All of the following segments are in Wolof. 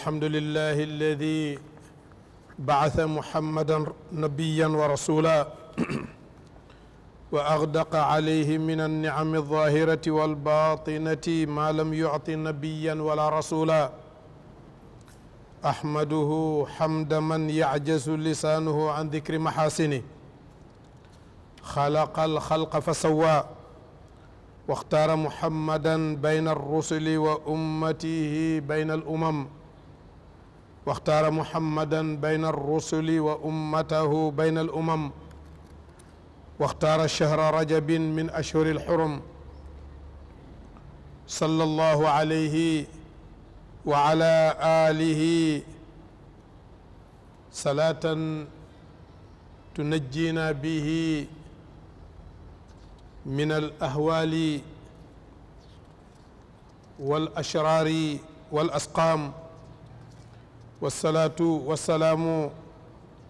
الحمد لله الذي بعث محمدا نبيا ورسولا واغدق عليه من النعم الظاهره والباطنه ما لم يعط نبيا ولا رسولا احمده حمد من يعجز لسانه عن ذكر محاسنه خلق الخلق فسوى واختار محمدا بين الرسل وامته بين الامم واختار محمدا بين الرسل وامته بين الامم واختار شهر رجب من اشهر الحرم صلى الله عليه وعلى اله صلاه تنجينا به من الاهوال والاشرار والاسقام والصلاة والسلام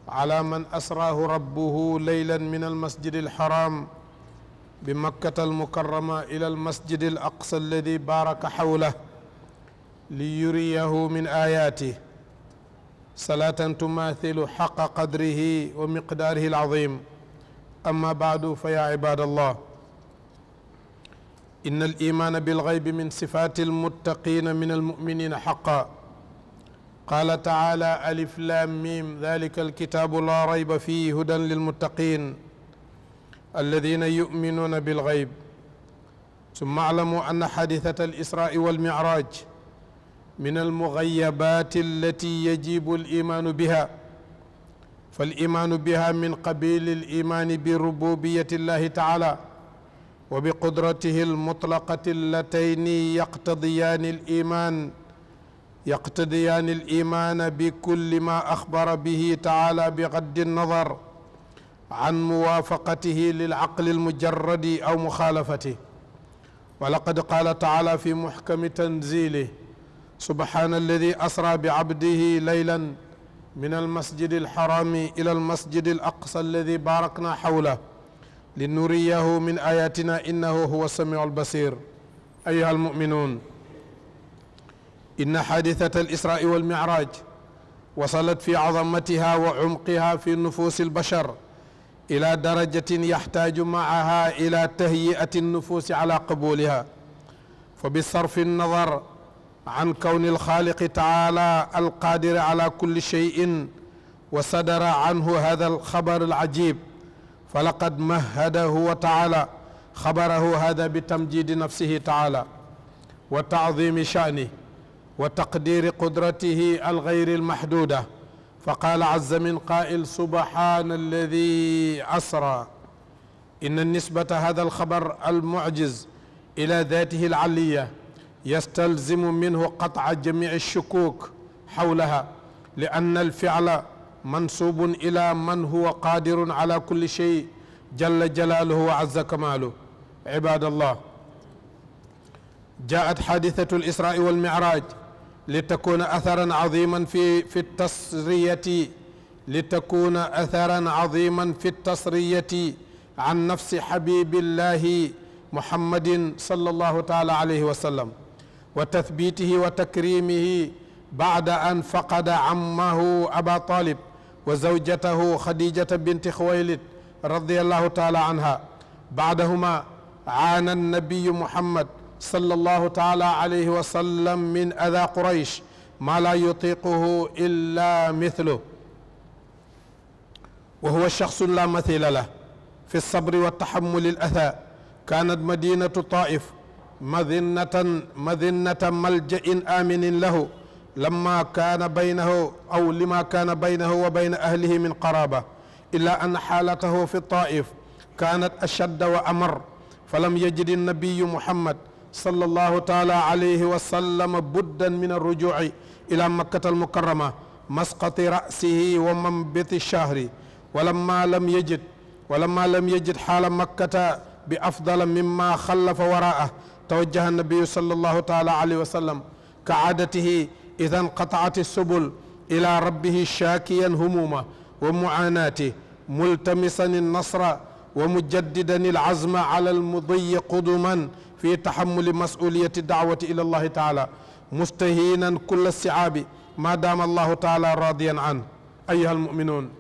على من أسراه ربه ليلا من المسجد الحرام بمكة المكرمة إلى المسجد الأقصى الذي بارك حوله ليريه من آياته صلاة تماثل حق قدره ومقداره العظيم أما بعد فيا عباد الله إن الإيمان بالغيب من صفات المتقين من المؤمنين حقا قال تعالى ألف لام ميم ذلك الكتاب لا ريب فيه هدى للمتقين الذين يؤمنون بالغيب ثم اعلموا أن حادثة الإسراء والمعراج من المغيبات التي يجب الإيمان بها فالإيمان بها من قبيل الإيمان بربوبية الله تعالى وبقدرته المطلقة اللتين يقتضيان الإيمان يقتضيان الايمان بكل ما اخبر به تعالى بغض النظر عن موافقته للعقل المجرد او مخالفته ولقد قال تعالى في محكم تنزيله سبحان الذي اسرى بعبده ليلا من المسجد الحرام الى المسجد الاقصى الذي باركنا حوله لنريه من اياتنا انه هو السميع البصير ايها المؤمنون إن حادثة الإسراء والمعراج وصلت في عظمتها وعمقها في نفوس البشر إلى درجة يحتاج معها إلى تهيئة النفوس على قبولها فبصرف النظر عن كون الخالق تعالى القادر على كل شيء وصدر عنه هذا الخبر العجيب فلقد مهده وتعالى خبره هذا بتمجيد نفسه تعالى وتعظيم شأنه وتقدير قدرته الغير المحدوده فقال عز من قائل سبحان الذي اسرى ان نسبه هذا الخبر المعجز الى ذاته العليه يستلزم منه قطع جميع الشكوك حولها لان الفعل منسوب الى من هو قادر على كل شيء جل جلاله وعز كماله عباد الله جاءت حادثه الاسراء والمعراج لتكون أثرا عظيما في في التصرية لتكون أثرا عظيما في التصرية عن نفس حبيب الله محمد صلى الله تعالى عليه وسلم وتثبيته وتكريمه بعد أن فقد عمه أبا طالب وزوجته خديجة بنت خويلد رضي الله تعالى عنها بعدهما عانى النبي محمد صلى الله تعالى عليه وسلم من أذى قريش ما لا يطيقه إلا مثله وهو شخص لا مثيل له في الصبر والتحمل الأذى كانت مدينة طائف مذنة مذنة ملجأ آمن له لما كان بينه أو لما كان بينه وبين أهله من قرابة إلا أن حالته في الطائف كانت أشد وأمر فلم يجد النبي محمد صلى الله تعالى عليه وسلم بدا من الرجوع إلى مكة المكرمة مسقط رأسه ومنبت الشهر ولما لم يجد ولما لم يجد حال مكة بأفضل مما خلف وراءه توجه النبي صلى الله تعالى عليه وسلم كعادته إذا انقطعت السبل إلى ربه شاكيا همومه ومعاناته ملتمسا النصر ومجددا العزم على المضي قدما في تحمل مسؤولية الدعوة إلى الله تعالى مستهينا كل الصعاب ما دام الله تعالى راضيا عنه أيها المؤمنون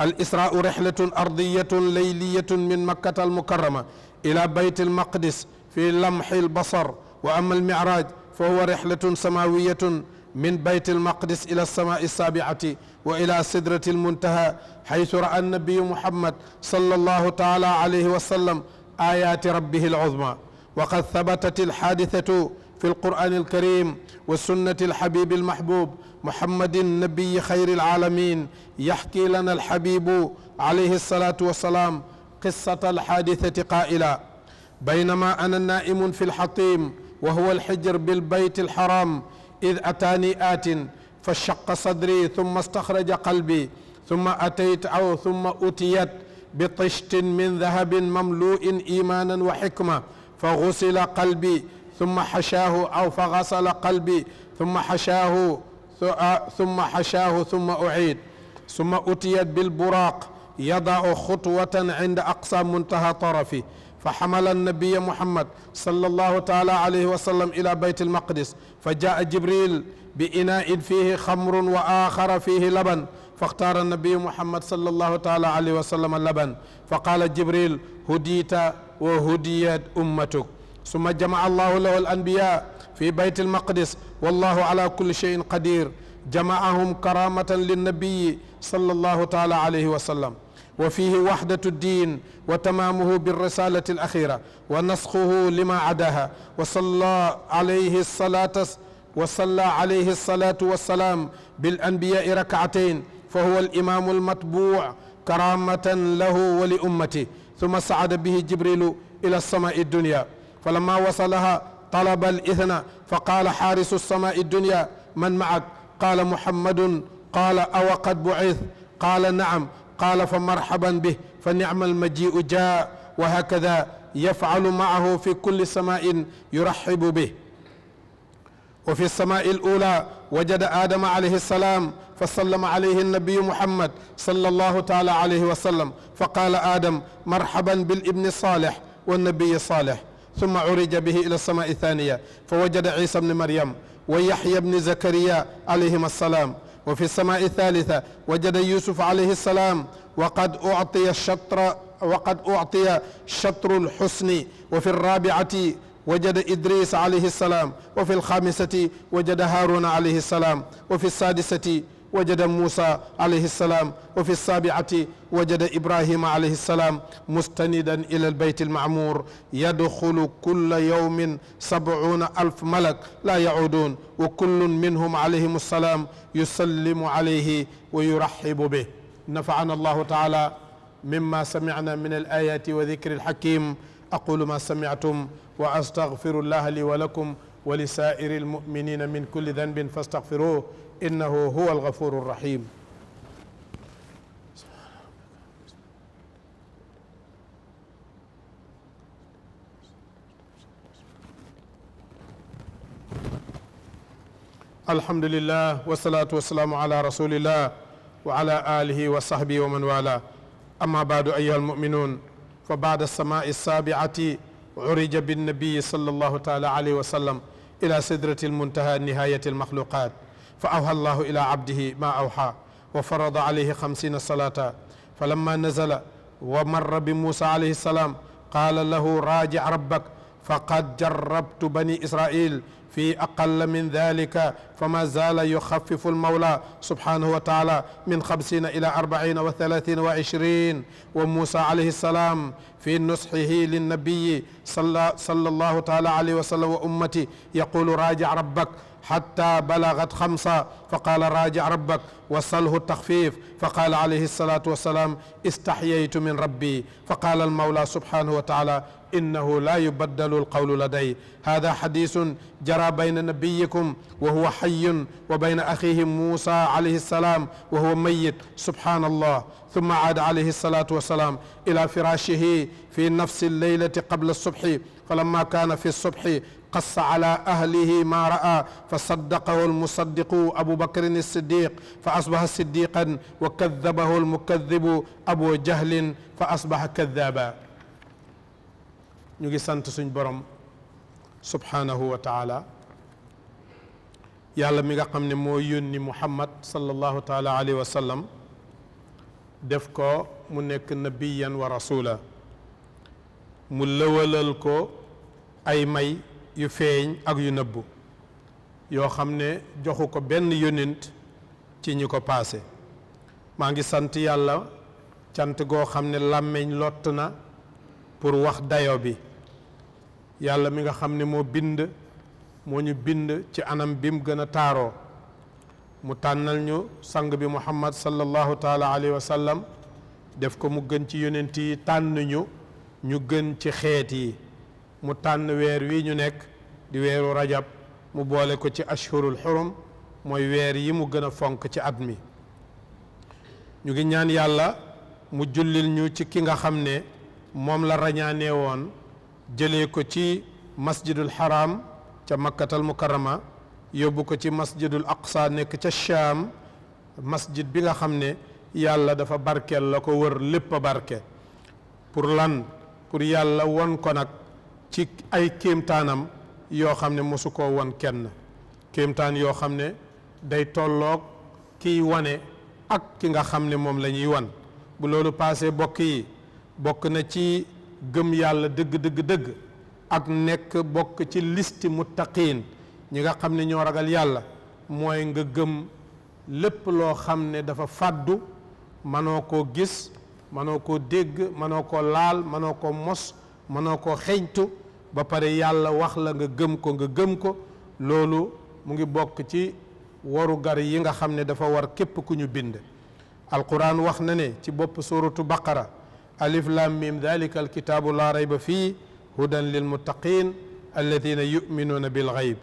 الإسراء رحلة أرضية ليلية من مكة المكرمة إلى بيت المقدس في لمح البصر وأما المعراج فهو رحلة سماوية من بيت المقدس إلى السماء السابعة وإلى سدرة المنتهى حيث رأى النبي محمد صلى الله تعالى عليه وسلم آيات ربه العظمى وقد ثبتت الحادثة في القرآن الكريم والسنة الحبيب المحبوب محمد النبي خير العالمين يحكي لنا الحبيب عليه الصلاة والسلام قصة الحادثة قائلا بينما أنا نائم في الحطيم وهو الحجر بالبيت الحرام إذ أتاني آت فشق صدري ثم استخرج قلبي ثم أتيت أو ثم أتيت بطشت من ذهب مملوء إيمانا وحكمة فغسل قلبي ثم حشاه أو فغسل قلبي ثم حشاه آه، ثم حشاه ثم أعيد ثم أتيت بالبراق يضع خطوة عند أقصى منتهى طرفي فحمل النبي محمد صلى الله تعالى عليه وسلم إلى بيت المقدس فجاء جبريل بإناء فيه خمر وآخر فيه لبن فاختار النبي محمد صلى الله تعالى عليه وسلم اللبن فقال جبريل هديت وهديت أمتك ثم جمع الله له الأنبياء في بيت المقدس والله على كل شيء قدير جمعهم كرامة للنبي صلى الله تعالى عليه وسلم وفيه وحدة الدين وتمامه بالرسالة الأخيرة ونسخه لما عداها وصلى عليه الصلاة وصلى عليه الصلاة والسلام بالأنبياء ركعتين فهو الإمام المطبوع كرامة له ولأمته ثم صعد به جبريل إلى السماء الدنيا فلما وصلها طلب الإثنى فقال حارس السماء الدنيا من معك قال محمد قال أو قد بعث قال نعم قال فمرحبا به فنعم المجيء جاء وهكذا يفعل معه في كل سماء يرحب به وفي السماء الأولى وجد آدم عليه السلام فسلم عليه النبي محمد صلى الله تعالى عليه وسلم فقال آدم مرحبا بالابن الصالح والنبي صالح ثم عرج به إلى السماء الثانية فوجد عيسى بن مريم ويحيى بن زكريا عليهما السلام وفي السماء الثالثة وجد يوسف عليه السلام وقد أعطي الشطر وقد أعطي شطر الحسن وفي الرابعة وجد إدريس عليه السلام وفي الخامسة وجد هارون عليه السلام وفي السادسة وجد موسى عليه السلام وفي السابعة وجد إبراهيم عليه السلام مستندا إلى البيت المعمور يدخل كل يوم سبعون ألف ملك لا يعودون وكل منهم عليهم السلام يسلم عليه ويرحب به نفعنا الله تعالى مما سمعنا من الآيات وذكر الحكيم أقول ما سمعتم وأستغفر الله لي ولكم ولسائر المؤمنين من كل ذنب فاستغفروه إنه هو الغفور الرحيم الحمد لله والصلاة والسلام على رسول الله وعلى آله وصحبه ومن والاه أما بعد أيها المؤمنون فبعد السماء السابعة عرج بالنبي صلى الله تعالى عليه وسلم إلى سدرة المنتهى نهاية المخلوقات فأوحى الله إلى عبده ما أوحى وفرض عليه خمسين صلاة فلما نزل ومر بموسى عليه السلام قال له راجع ربك فقد جربت بني إسرائيل في أقل من ذلك فما زال يخفف المولى سبحانه وتعالى من خمسين إلى أربعين وثلاثين وعشرين وموسى عليه السلام في نصحه للنبي صلى, صلى الله تعالى عليه وسلم وأمته يقول راجع ربك حتى بلغت خمسة فقال راجع ربك وصله التخفيف فقال عليه الصلاة والسلام استحييت من ربي فقال المولى سبحانه وتعالى إنه لا يبدل القول لدي هذا حديث جرى بين نبيكم وهو حي وبين أخيه موسى عليه السلام وهو ميت سبحان الله ثم عاد عليه الصلاة والسلام إلى فراشه في نفس الليلة قبل الصبح فلما كان في الصبح قص على أهله ما رأى فصدقه المصدق أبو بكر الصديق فأصبح صديقا وكذبه المكذب أبو جهل فأصبح كذابا نجي سنت برم سبحانه وتعالى يالا ميغا خامني مو يوني محمد صلى الله تعالى عليه وسلم def ko mu nekk nabiyan wa rasula mu lëwalal ko ay may yu feeñ ak yu nëbbu yoo xam ne joxu ko benn yonent ci ñi ko paase maa ngi sant yàlla cant goo xam ne làmmiñ lott na pour wax dayo bi yàlla mi nga xam ne moo bind moo ñu bind ci anam bi mu gën a taaroo mu tànnal ñu sang bi muhammad sallallahu taala alayhi wa sallam def ko mu gën ci yonent yi tànn ñu ñu gën ci xeet yi mu tànn weer wi ñu nekk di weeru rajab mu boole ko ci ashhurul xurum mooy weer yi mu gën a fonk ci at mi ñu ngi ñaan yàlla mu jullil ñu ci ki nga xam ne moom la rañaanee woon jëlee ko ci masjidul haram ca makkatal mukarrama yóbbu ko ci masjidul aqsa nekk ca Shaam masjid bi nga xam ne yàlla dafa barkeel la ko wër lépp a barke pour lan pour yàlla won ko nag ci ay kéemtaanam yoo xam ne mosu koo won kenn kéemtaan yoo xam ne day tolloog kiy wane ak ki nga xam ne moom la ñuy wan bu loolu paasee bokk yi bokk na ci gëm yàlla dëgg dëgg dëgg ak nekk bokk ci listi muttaqiin ñi nga xam ne ñoo ragal yàlla mooy nga gëm lépp loo xam ne dafa fàddu manoo koo gis manoo koo dégg manoo koo laal manoo koo mos manoo koo xeñtu ba pare yàlla wax la nga gëm ko nga gëm ko loolu mu ngi bokk ci waru gar yi nga xam ne dafa war képp ku ñu bind alquran wax na ne ci bopp suratu baqara alif lam mim dalika alkitabu la rayba fi hudan lilmuttaqin alladhina yu'minuna bilghayb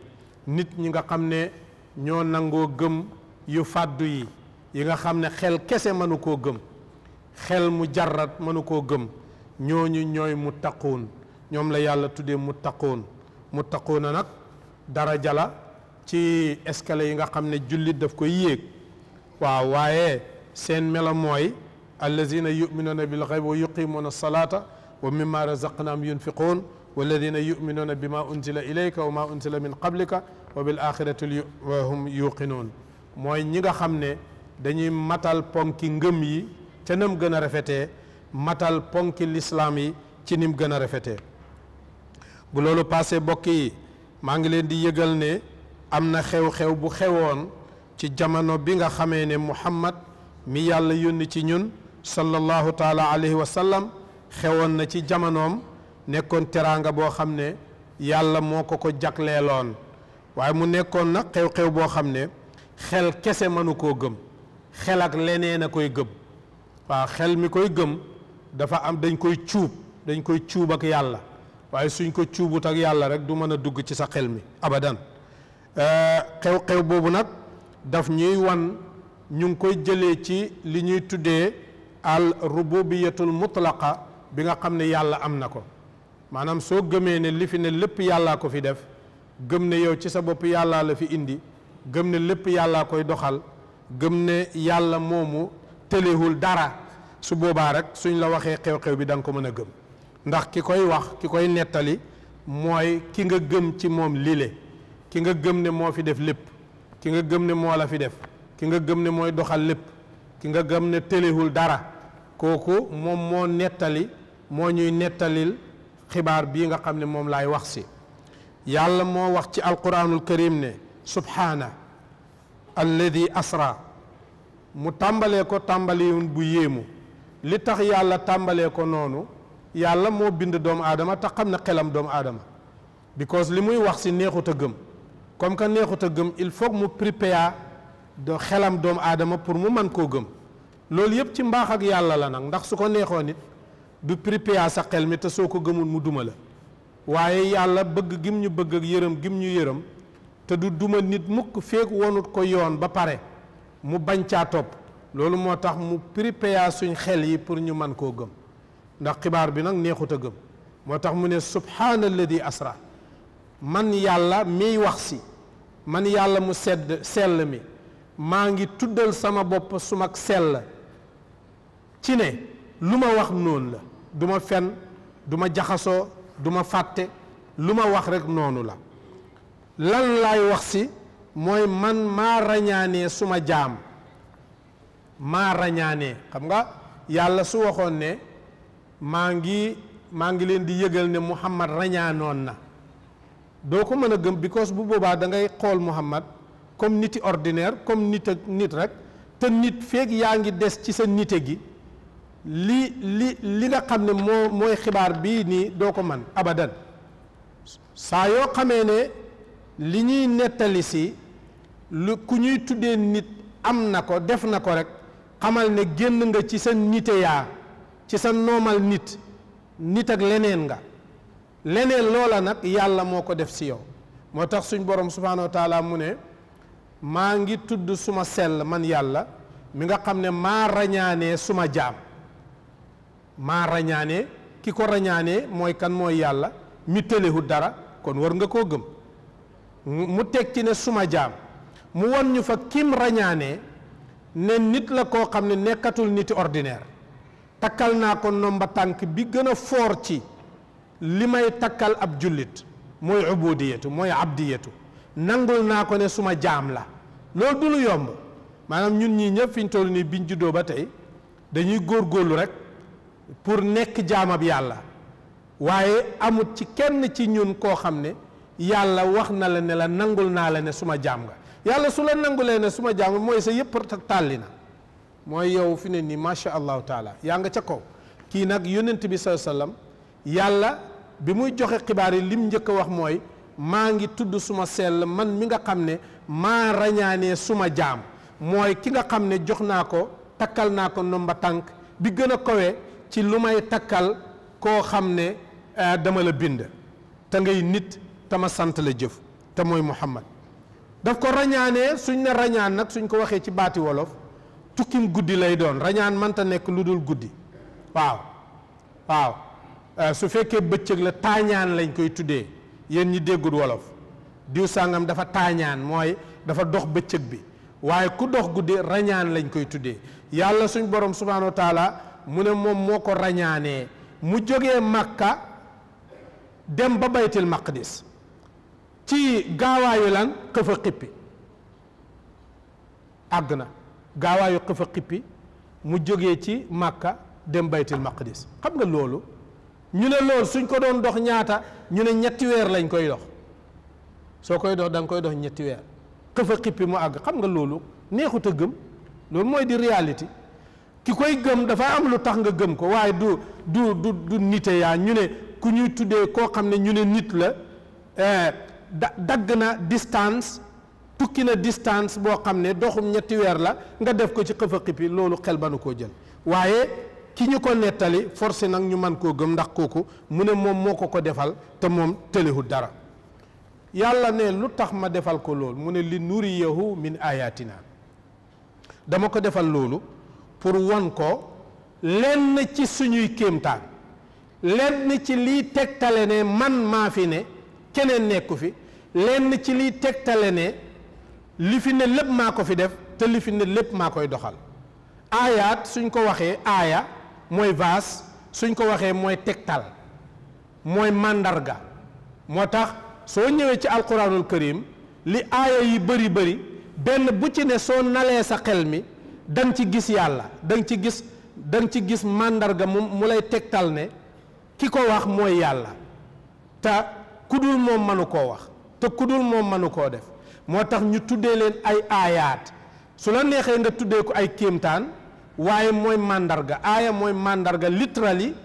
nit ñi nga xam ne ñoo nangoo gëm yu fàddu yi yi nga xam ne xel kese mënu koo gëm xel mu jarrat mënu koo gëm ñooñu ñooy mu taqoon ñoom la yàlla tuddee mu taqoon mu taqoona nag daraja la ci escalier yi nga xam ne jullit daf koy yéeg waaw waaye seen melo mooy allazina yuminuuna bil xayb wa yuqimuuna salaata wa mimma razaqnaam yunfiquun والذين يؤمنون بما أنزل إليك وما أنزل من قبلك وبالآخرة هم يوقنون موي نيغا خامني داني ماتال بونكي نغم يي تي نم غنا رافيتي ماتال بونكي الاسلام تي نيم غنا رافيتي بو لولو باسي بوكي ماغي لين دي ييغال ني امنا خيو خيو بو خيوون تي جامانو بيغا خامي ني محمد مي يالا يوني تي نون صلى الله تعالى عليه وسلم خيوون نا تي جامانوم nekkoon teraanga boo xam ne yàlla moo ko ko jagleeloon waaye mu nekkoon nag xew-xew boo xam ne xel kese mënu koo gëm xel ak leneen a koy gëm waaw xel mi koy gëm dafa am dañ koy cuub dañ koy cuub ak yàlla waaye suñ ko cuubut ak yàlla rek du mën a dugg ci sa xel mi abadan euh, xew-xew boobu nag daf ñuy wan ñu ngi koy jëlee ci li ñuy tuddee al rububiyatul mutlaqa bi nga xam ne yàlla am na ko maanaam soo gëmee ne li fi ne lépp yàllaa ko fi def gëm ne yow ci sa bopp yàllaa la fi indi gëm ne lépp yàllaa koy doxal gëm ne yàlla moomu tëlewul dara su boobaa rek suñ la waxee xew-xew bi da nga ko mën a gëm ndax ki koy wax ki koy nettali mooy ki nga gëm ci moom lile ki nga gëm ne moo fi def lépp ki nga gëm ne moo la fi def ki nga gëm ne mooy doxal lépp ki nga gëm ne tëlewul dara kooku moom moo nettali moo ñuy nettalil xibaar bii nga xam ne moom laay wax si yàlla moo wax ci alquranul karim ne subhaana alladi asra mu tàmbalee ko tàmbaliwun bu yéemu li tax yàlla tàmbalee ko noonu yàlla moo bind doomu aadama te xam na xelam doomu aadama because li muy wax si neexut a gëm comme que neexut a gëm il faut mu prépare do xelam doomu aadama pour mu mën koo gëm loolu yëpp ci mbaax ak yàlla la nag ndax su ko neexoon it du pripéa sa xel mi te soo ko gëmul mu duma la waaye yàlla bëgg gim ñu bëgg ak yërëm gim ñu yërëm te du duma nit mukk feek wonut ko yoon ba pare mu bañ caa topp loolu moo tax mu pripéa suñ xel yi pour ñu man koo gëm ndax xibaar bi nag neexut a gëm moo tax mu ne subhaanalladi asra man yàlla miy wax si man yàlla mu sedd sell mi maa ngi tuddal sama bopp suma sell ci ne lu ma wax noonu la du fen duma jaxasoo duma fàtte lu ma wax rek noonu la lan laay wax si mooy man maa rañaanee suma jaam maa rañaanee xam nga yàlla su waxoon ne maa ngi maa ngi leen di yëgal ne Muhammad rañaanoon na doo ko mën a gëm because bu boobaa da ngay xool Muhammad comme niti ordinaire comme nit ak nit rek te nit feeg yaa ngi des ci sa nite gi li li li nga xam ne moo mooy xibaar bii nii doo ko man abadan saa yoo xamee ne li ñuy nettali si lu ku ñuy tuddee nit am na ko def na ko rek xamal ne génn nga ci sa nite yaa ci sa noomal nit nit ak leneen nga leneen loola nag yàlla moo ko def si yow moo tax suñu borom subhaanahu wa mu ne maa ngi tudd suma sell man yàlla mi nga xam ne maa ràññaanee suma jaam maa rañaane ki ko rañaanee mooy kan mooy yàlla mi tëlihut dara kon war nga koo gëm mu teg ci ne suma jaam mu won ñu fa kim rañaanee ne nit la koo xam ne nekkatul niti ordinaire takkal naa ko nomba tànk bi gën a foor ci li may takkal ab jullit mooy ubudiyatu mooy abdiyatu nangul naa ko ne suma jaam la loolu du lu yomb maanaam ñun ñii ñëpp fi ñu toll nii biñ juddoo ba tey dañuy góor góorlu rek pour nekk jaamab yàlla waaye amut ci kenn ci ñun koo xam ne yàlla wax na la ne la nangul naa la ne suma jaam nga yàlla su la nangulee ne suma jaam mooy sa yëpp tàlli na mooy yow fi ne nii macha allahu yaa nga ca kaw kii nag yonent bi sallallahu alayhi yàlla bi muy joxe xibaar yi lim njëkk a wax mooy maa ngi tudd suma sell man mi nga xam ne maa rañaanee suma jaam mooy ki nga xam ne jox naa ko takkal naa ko ndomba tànk bi gën a kowee ci lu may takkal koo xam ne euh, dama la bind te ngay nit tama sant la jëf te mooy Muhammad daf ko rañaanee suñ ne rañaan nag suñ ko waxee ci baati wolof tukkim guddi lay doon rañaan mënta nekk lu dul guddi waaw waaw euh, su fekkee bëccëg la taañaan lañ koy tuddee yéen ñi déggul wolof diw sàngam dafa taañaan mooy dafa dox bëccëg bi waaye ku dox guddi rañaan lañ koy tuddee yàlla suñ borom subhaanahu wa mu ne moom moo ko rañaanee mu jógee Makka dem ba baytil maqdis ci gaawaayu lan këfa xippi àgg na gaawaayu këfa xippi mu jógee ci Makka dem baytil maqdis xam nga loolu ñu ne loolu suñ ko doon dox ñaata ñu ne ñetti weer lañ koy dox soo koy dox danga koy dox ñetti weer këfa xippi mu àgg xam nga loolu neexut a gëm loolu mooy di réalité ki koy gëm dafa am lu tax nga gëm ko waaye du du du du nite yaa ñu ne ku ñuy tuddee koo xam ne ñu ne nit la eh, da dagg na distance tukki na distance boo xam ne doxum ñetti weer la nga def ko ci xëfa xippi loolu xel ba nu koo jël waaye ki ñu ko nettali forcé nag ñu man koo gëm ndax kooku mu ne moom moo ko ko defal te moom tëlihut dara yàlla ne lu tax ma defal ko loolu mu ne li nuriyahu min ayatina dama ko defal loolu pour won ko lenn ci suñuy kéemtaan lenn ci liy tegtale ne man maa fi ne keneen nekku fi lenn ci liy tegtale ne li fi ne lépp maa ko fi def te li fi ne lépp maa koy doxal aayaat suñ ko waxee aaya mooy vaas suñ ko waxee mooy tegtal mooy màndarga moo tax soo ñëwee ci alquranul karim li aaya yi bëri bari benn bu ci ne soo nalee sa xel mi danga ci gis yàlla danga ci gis danga ci gis màndarga mu mu lay tegtal ne ki ko wax mooy yàlla te ku dul moom mënu koo wax te ku dul moom mënu koo def moo tax ñu tuddee leen ay aayaat su la neexee nga tuddee ko ay kéemtaan waaye mooy màndarga aaya mooy màndarga littéralement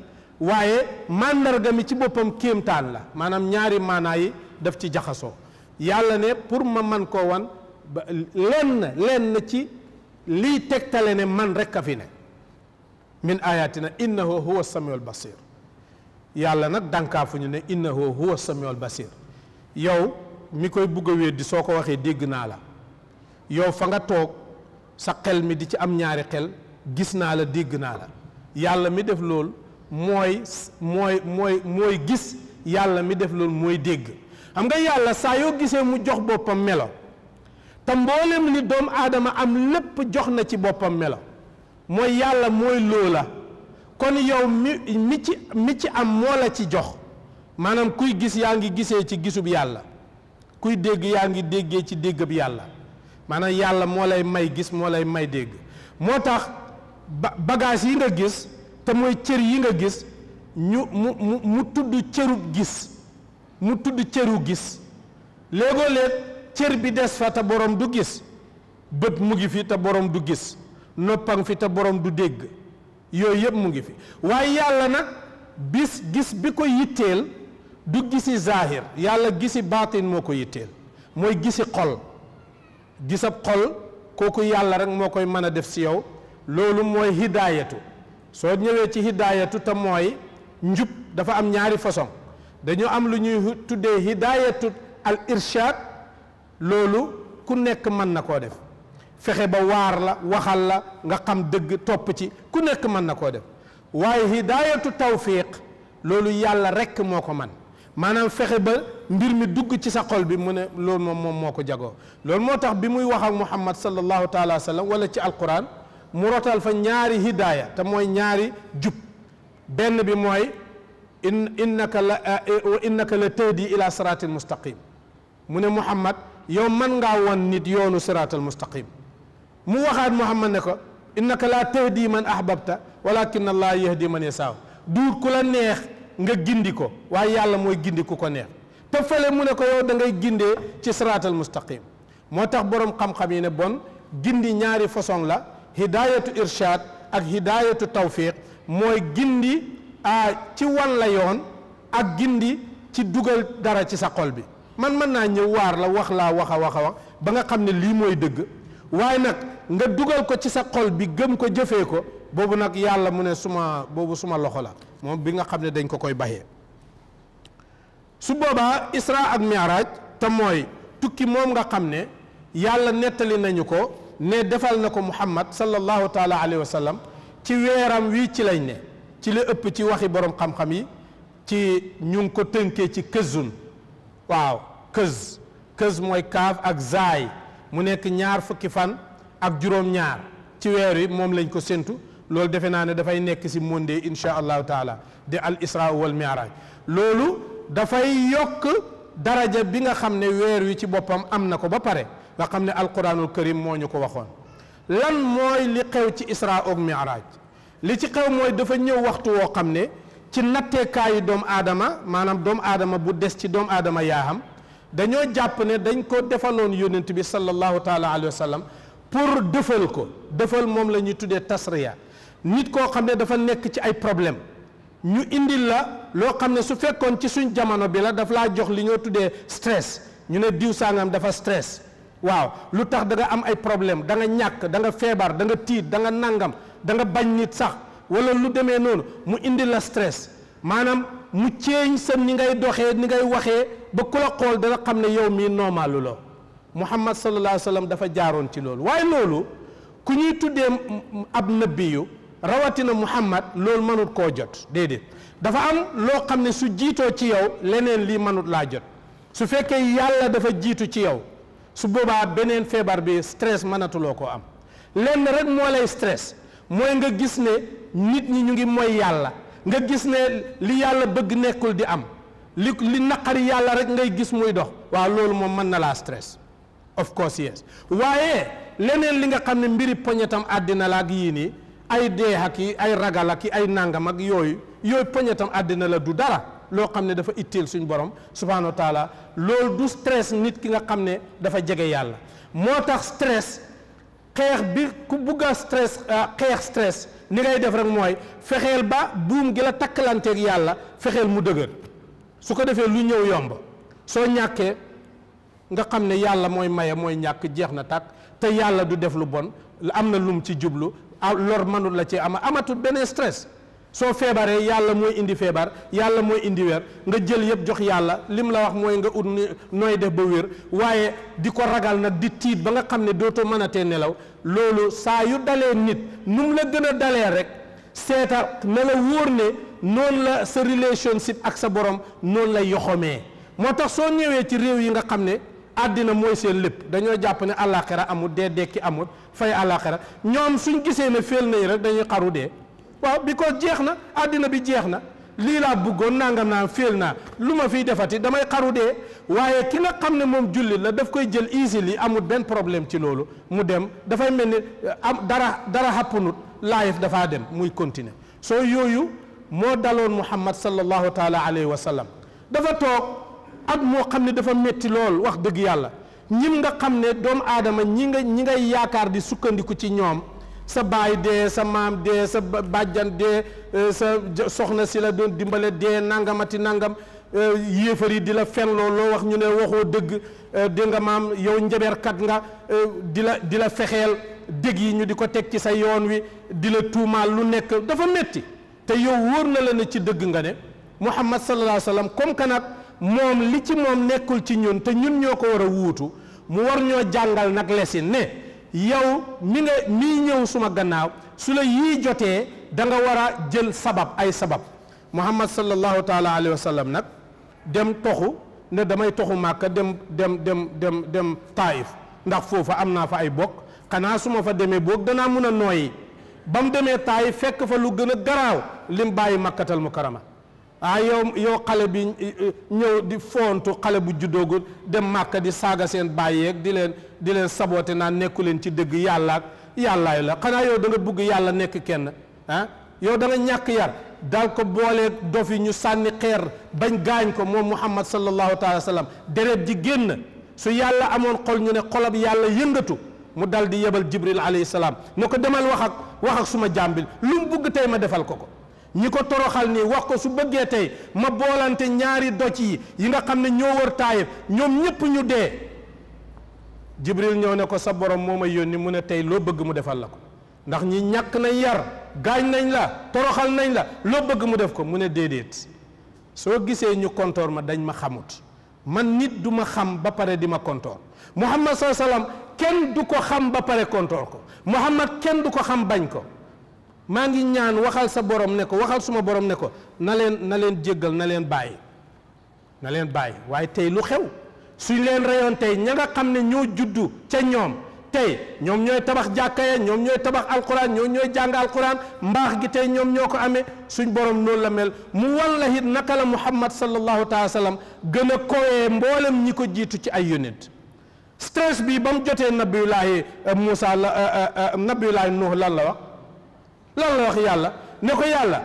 waaye màndarga mi ci boppam kéemtaan la maanaam ñaari maanaa yi daf ci jaxasoo yàlla ne pour ma man koo wan lenn lenn ci lii tegtale ne man rek a fi ne min ayatina innahu huwa samiul basir yàlla nag dànkaafu ñu ne innahu huwa samiul basir yow mi koy bugg a weddi soo ko waxee dégg naa la yow fa nga toog sa xel mi di ci am ñaari xel gis naa la dégg naa la yàlla mi def lool mooy mooy mooy mooy gis yàlla mi def lool mooy dégg xam nga yàlla saa yoo gisee mu jox boppam melo te mboolem li doomu aadama am lépp jox na ci boppam melo mooy yàlla mooy la kon yow mi mi ci mi ci am moo la ci jox maanaam kuy gis yaa ngi gisee ci gisub yàlla kuy dégg yaa ngi déggee ci déggab yàlla maanaam yàlla moo lay may gis moo lay may dégg moo tax ba yi nga gis te mooy cër yi nga gis ñu mu mu mu tudd cëru gis mu tudd cëru gis léegoo léeg cër bi des fa te borom du gis bët mu ngi fi te boroom du gis noppang fi te boroom du dégg yooyu yëpp mu ngi fi waaye yàlla nag bis gis bi ko yitteel du gisi zaahir yàlla gisi baatin moo ko yitteel mooy gisi xol gisab xol kooku yàlla rek moo koy mën a def si yow loolu mooy hidaayatu soo ñëwee ci hidaayatu te mooy njub dafa am ñaari façon dañu am lu ñuy tuddee hidaayatu al irshad lolu ku nek man nako def fexe ba war la waxal la nga xam deug top ci ku nek man nako def waye hidayatu tawfiq lolu yàlla rek moko man manam fexe ba mbir mi dugg ci sa xol bi mu ne lolu mom mom moko jago lolu motax bi muy wax ak muhammad sallallahu taala alayhi wasallam wala ci alquran mu rotal fa ñaari hidaya te moy ñaari jup benn bi moy in innaka la wa innaka la tahdi ila siratin mustaqim mu ne muhammad yow man ngaa won nit yoonu siraatal mustaqim mu waxaat mu muhammad ne ko innaka laa tahdi man ahbabta walakin allah yahdi man yasaaw duut ku la neex nga gindi ko waaye yàlla mooy gindi ku ko neex te mu ne ko yow da ngay gindee ci siraatal mustaqim moo tax boroom xam-xam yi ne bon gindi ñaari façon la hidaayatu irshad ak hidaayatu tawfiq mooy gindi a ci wan la yoon ak gindi ci dugal dara ci sa xol bi man mën naa ñëw waar la wax laa wax a wax a wax ba nga xam ne lii mooy dëgg waaye nag nga dugal ko ci sa xol bi gëm ko jëfee ko boobu nag yàlla mu ne suma boobu suma loxo la moom bi nga xam ne dañ ko koy baxee su boobaa isra ak miaraaj te mooy tukki moom nga xam ne yàlla nettali nañu ko ne defal na ko muhammad sallallahu taala alayhi wa sallam ci weeram wi ci lañ ne ci la ëpp ci waxi borom xam-xam yi ci ñu ngi ko tënkee ci këzun waaw kës kës mooy kaaf ak zaay mu nekk ñaar fukki fan ak juróom-ñaar ci weer wi moom lañ ko séntu loolu defe naa ne dafay nekk si monde insha allah taala di al isra wal mi'raj loolu dafay yokk daraja bi nga xam ne weer wi ci boppam am na ko ba pare nga xam ne alquranul karim moo ñu ko waxoon lan mooy li xew ci isra ak mi'raj li ci xew mooy dafa ñëw waxtu woo xam ne ci natteekaayu doomu aadama maanaam doomu aadama bu des ci doomu aadama yaa xam dañoo jàpp ne dañ ko defaloon yónent bi sallallahu taala alayhi wa sallam pour dëfal ko dëfal moom la ñuy tuddee tasriya nit koo xam ne dafa nekk ci ay problème ñu indil la loo xam ne su fekkoon ci suñ jamono bi la daf laa jox li ñoo tuddee stress ñu ne diw sangam dafa stress waaw lu tax da am ay problème danga ñàkk danga feebar danga tiit da nga nangam da nga bañ nit sax walla lu demee noonu mu indil la stress maanaam mu ceeñ sa ni ngay doxee ni ngay waxee ba ku la xool dana xam ne yow mii normaalu la muhammad sallallahu alayhi wa sallam dafa jaaroon ci loolu waaye loolu ku ñuy tuddee ab nëbbiyu rawatina muhammad loolu mënut koo jot déedéet dafa am loo xam ne su jiitoo ci yow leneen lii mënut laa jot su fekkee yàlla dafa jiitu ci yow su boobaa beneen feebar bi stress mënatuloo ko am lenn rek moo lay stress mooy nga gis ne nit ñi ñu ngi mooy yàlla nga gis ne li yàlla bëgg nekkul di am li li naqari yàlla rek ngay gis muy dox wa lolou mom man na la stress of course yes waye leneen li nga xamne mbiri poñetam adina la gi ni ay de ak yi ay ragal ak ay nangam ak yoy yoy poñetam adina la du dara lo xamne dafa itil suñ borom subhanahu wa taala lolou du stress nit ki nga xamne dafa jégué yalla motax stress xex bi ku bugg a stress ah, xex stress ni ngay def rek moy fexel ba boom gi la ak yalla fexel mu dëgër su ko defee lu ñëw yomb soo ñàkkee nga xam ne yàlla mooy maye mooy ñàkk jeex na tàkk te yàlla du def lu bon am na lum ci jublu lor mënul la ci ama amatul beneen stress soo feebaree yàlla mooy indi feebar yàlla mooy indi weer nga jël yëpp jox yàlla lim la wax mooy nga ut nooy def ba wér waaye di ko ragal nag di tiit ba nga xam ne dootoo mënatee nelaw loolu saa yu dalee nit nu mu la gën a dalee rek seeta na la wóor ne noonu la sa relationship ak sa borom noonu lay yoxomee moo tax soo ñëwee ci réew yi nga xam ne àddina mooy seen lépp dañoo jàpp ne àllaaxira amul dee dekki amul fay àllaaxira ñoom suñ gisee ne féel nañ rek dañuy xaru dee waaw because jeex na àddina bi jeex na lii laa bëggoon nangam naa féel naa lu ma fiy defati damay xaru dee waaye ki nga xam ne moom jullit la daf koy jël easily amul benn problème ci loolu mu dem dafay mel ni am dara dara happunut life dafaa dem muy continuer yooyu moo daloon muhammad sallallahu taala alayhi wa sallam dafa toog at moo xam ne dafa metti lool wax dëgg yàlla ñim nga xam ne doomu aadama ñi nga ñi ngay yaakaar di sukkandiku ci ñoom sa baay dee sa maam dee sa bàjjan dee euh, sa soxna si la doon dimbale dee nangamati nangam euh, yéefar yi di la fenloo loo wax ñu ne waxoo dëgg euh, di nga maam yow njaberkat nga di la di la fexeel dëgg yi ñu di ko teg ci sa yoon wi di la tuumaal lu nekk dafa metti te yow wóor na la ne ci dëgg nga ne muhammad sallallahu alayhi wa sallam comme que nag moom li ci moom nekkul ci ñun te ñun ñoo ko war a wuutu mu war ñoo jàngal nag lesin ne yow mi nga mii ñëw suma gannaaw su la yii jotee danga war a jël sabab ay sabab muhammad sallallahu taala alayhi wa sallam nag dem toxu ne damay toxu màkk dem dem dem dem dem taif ndax foofu am naa fa ay bokk xanaa su ma fa demee boog danaa mun a nooyi ba mu demee taay fekk fa lu gën a garaaw lim bàyyi makkatal mukarama ah yow yow xale bi eh, eh, ñëw di foontu xale bu juddoogul dem màkka di saaga seen bàyyi di leen di leen saboote naa nekku leen ci dëgg yàllaak yàllaay la xanaa yow danga bugg yàlla nekk kenn ah yow da ñàkk yar daal ko boolee dof ñu sànni xeer bañ gaañ ko moom muhammad sallallahu taala wa sallam deret ji génn su yàlla amoon xol ñu ne xolab yàlla yëngatu mu daldi yebal jibril alayhi salam ne demal wax ak wax ak suma jambil. lu mu bugg tay ma defal koko ñiko toroxal ni wax ko su bëgge tay ma bolante ñaari doj yi yi nga xamne ño wër tayef ñom ñepp ñu dé jibril ñëw ne ko sa borom moma yoni mu ne tay lo bëgg mu defal lako ndax ñi ñak na yar gaañ nañ la toroxal nañ la lo bëgg mu def ko mu ne déedéet so gisee ñu kontor ma dañ ma xamut man nit duma xam ba pare di kontor muhammad muhammad alaihi sallam kenn du ko xam ba pare kontoor ko Muhammad kenn du ko xam bañ ko maa ngi ñaan waxal sa borom ne ko waxal suma borom ne ko na leen na leen jéggal na leen bàyyi na leen bàyyi waaye tey lu xew suñ leen reyoon tey ña nga xam ne ñoo juddu ca ñoom tey ñoom ñooy tabax jàkka ya ñoom ñooy tabax alquran ñoom ñooy jàng alquran mbaax gi tey ñoom ñoo ko amee suñ borom noonu la mel mu wallahi naka la muhammad sallallahu taala wa sallam gën a kowee mboolem ñi ko jiitu ci ay yonent stress bi ba mu jotee nabiyulaahi euh, Moussa la euh, euh, nabiyulaahi Nuux lan la wax lan la wax yàlla ne ko yàlla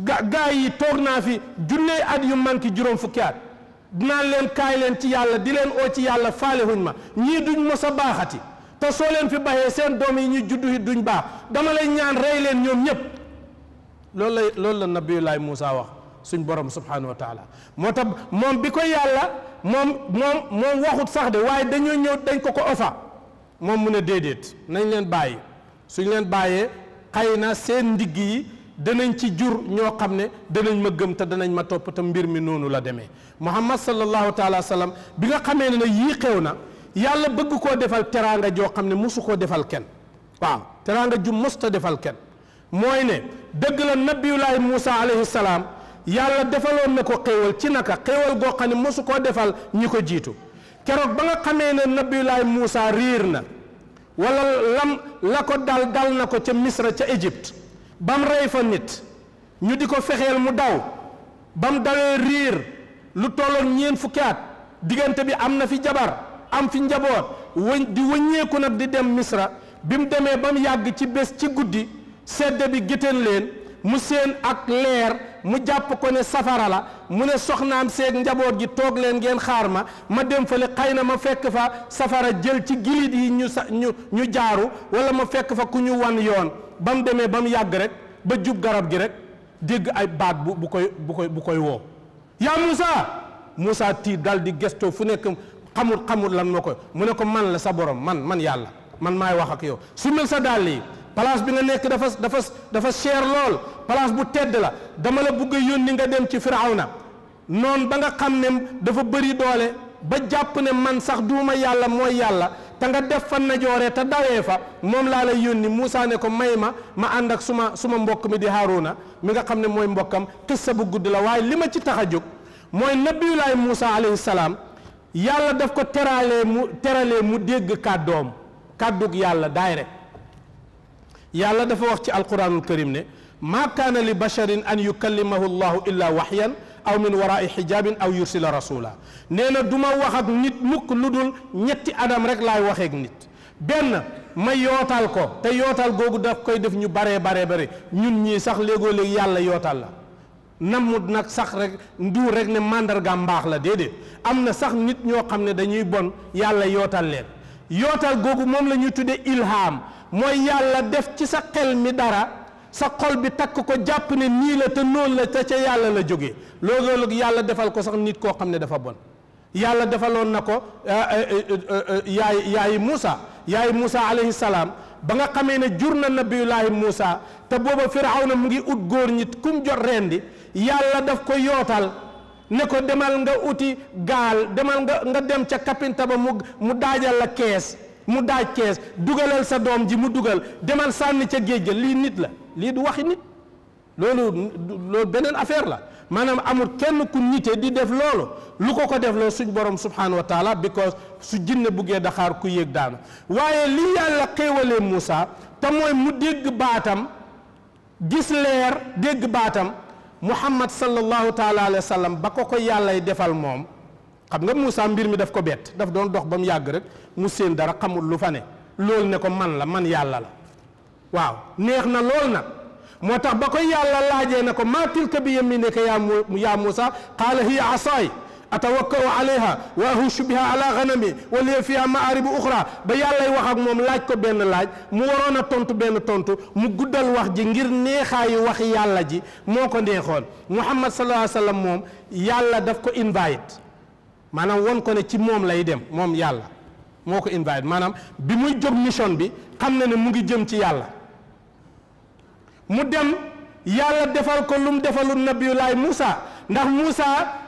ga gaa yi toog naa fi junney at yu manqué juróom fukkiyaat at dinaa leen kaay leen ci yàlla di leen oo ci yàlla faale huñ ma ñii duñ mos a baaxati te soo leen fi baxee seen doom yi ñu juddu duñ baax dama lay ñaan rey leen ñoom ñëpp loolu la loolu la nabiyulaahi Moussa wax suñ borom subhanahu wa taala moo tax moom bi ko yàlla moom moom moom waxut sax de waaye dañoo ñëw dañ ko ko ofa moom mu ne déedéet nañ leen bàyyi suñ leen bàyyee xëy na seen ndigg yi danañ ci jur ñoo xam ne danañ ma gëm te danañ ma topp te mbir mi noonu la demee muhammad sallallahu taala wa sallam bi nga xamee ne na yii xew na yàlla bëgg koo defal teraanga joo xam ne mosu koo defal kenn waaw teraanga ju mosta defal kenn mooy ne dëgg la nabiyulaahi Muusa salaam yàlla defaloon na ko xéewal ci naka xéewal goo xam ne mosu koo defal ñu ko jiitu keroog ba nga xamee ne nabiyulaay Muusa riir na wala lam la ko dal dal na ko ca misra ca Égypte bam rey fa nit ñu di ko fexeel mu daw bam dawee riir lu tolloon ñeen fukki at diggante bi am na fi jabar am fi njaboot wëñ di wëññeeku nag di dem misra bi mu demee ba mu yàgg ci bés ci guddi sedd bi géttéen leen mu seen ak leer mu jàpp ko ne safara la mu ne soxnaam seeg njaboot gi toog leen ngeen xaar ma ma dem fa fale xay na ma fekk fa safara jël ci gilit yi ñu sa ñu ñu jaaru wala ma fekk fa ku ñu wan yoon ba mu demee ba mu yàgg rek ba jub garab gi rek dégg ay baat bu bu koy bu koy bu koy woo yaa Moussa Moussa tii dal di gestoo fu nekk xamul xamul lan ma ko mu ne ko man la sa borom man man yàlla man maay wax ak yow su mel sa dàll yi place bi nga nekk dafa dafa dafa cher lool place bu tedd la dama la bugg a yónni nga dem ci na noonu ba nga xam ne dafa bëri doole ba jàpp ne man sax duuma yàlla mooy yàlla te nga def fan na te dawee fa moom laa lay yónni Moussa ne ko may ma ma ànd ak suma suma mbokk mi di Haaruna mi nga xam ne mooy mbokkam xissa bu gudd la waaye li ma ci tax a jóg mooy nabiyulaay Moussa alayhi salaam yàlla daf ko teraalee mu teralee mu dégg kàddoom kàddug yàlla direct يالا دا فا واخ القران الكريم نه ما كان لبشر ان يكلمه الله الا وحيا او من وراء حجاب او يرسل رسولا نينا دوما واخ اك نيت موك لودول نيتي ادم رك لاي واخ اك نيت بن ما يوتال كو تا يوتال غوغو داف كاي داف ني باري باري باري نين ني صاح ليغو لي يالا يوتال لا نمود نك صاح رك ندو رك ني ماندار غام باخ لا ديدي امنا صاح نيت ньо خامني دانيي بون يالا يوتال لين يوتال غوغو موم لا ني الهام mooy yàlla def ci sa xel mi dara sa xol bi takk ko jàpp ni nii la te noonu la te ca yàlla la jógee loolu yàlla defal ko sax nit koo xam ne dafa bon yàlla defaloon na ko eh, eh, eh, yaay yaay Moussa yaay Moussa alayhi salaam ba nga xamee ne jur na nabiyulaahi Moussa te booba na mu ngi ut góor ñi kum jot rendi yàlla daf ko yootal ne ko demal nga uti gaal demal nga nga dem ca kapinta ba mu mu daajal la kees. mu daaj kees dugalal sa doom ji mu dugal demal sànni ca géej ga lii nit la lii du waxi nit loolu loolu beneen affaire la maanaam amul kenn ku nite di def loolu lu ko ko def loolu suñ borom subhanahu wa taala because su jinne buggee daxaar ku yéeg daanu waaye li yàlla xéewalee Moussa te mu dégg baatam gis leer dégg baatam muhammad sallallahu taala alayhi wa sallam ba ko ko yàllay defal moom xam nga Moussa mbir mi daf ko bett daf doon dox bam yag rek mu séen dara xamul lu fa ne loolu ne ko man la man yàlla la waaw neex na lool nag motax bakoy yàlla laaje ne ko maa tilka bi yaminika yaa Moussa qaala hiya asaay atawakkau alayha wa ahushu biha ala ghanami wa liya fiha maaribu ukhra ba yàllay wax ak moom laaj ko benn laaj mu waroon a tontu benn tontu mu guddal wax ji ngir neexaayu wax yàlla ji moo ko neexoon Muhammad sallallahu alayhi wa sallam moom yàlla daf ko invite maanaam won ko ne ci moom lay dem moom yàlla moo ko invite maanaam bi muy jóg mission bi xam na ne mu ngi jëm ci yàlla mu dem yàlla defal ko lu mu defalul nabiyulaay Moussa ndax Moussa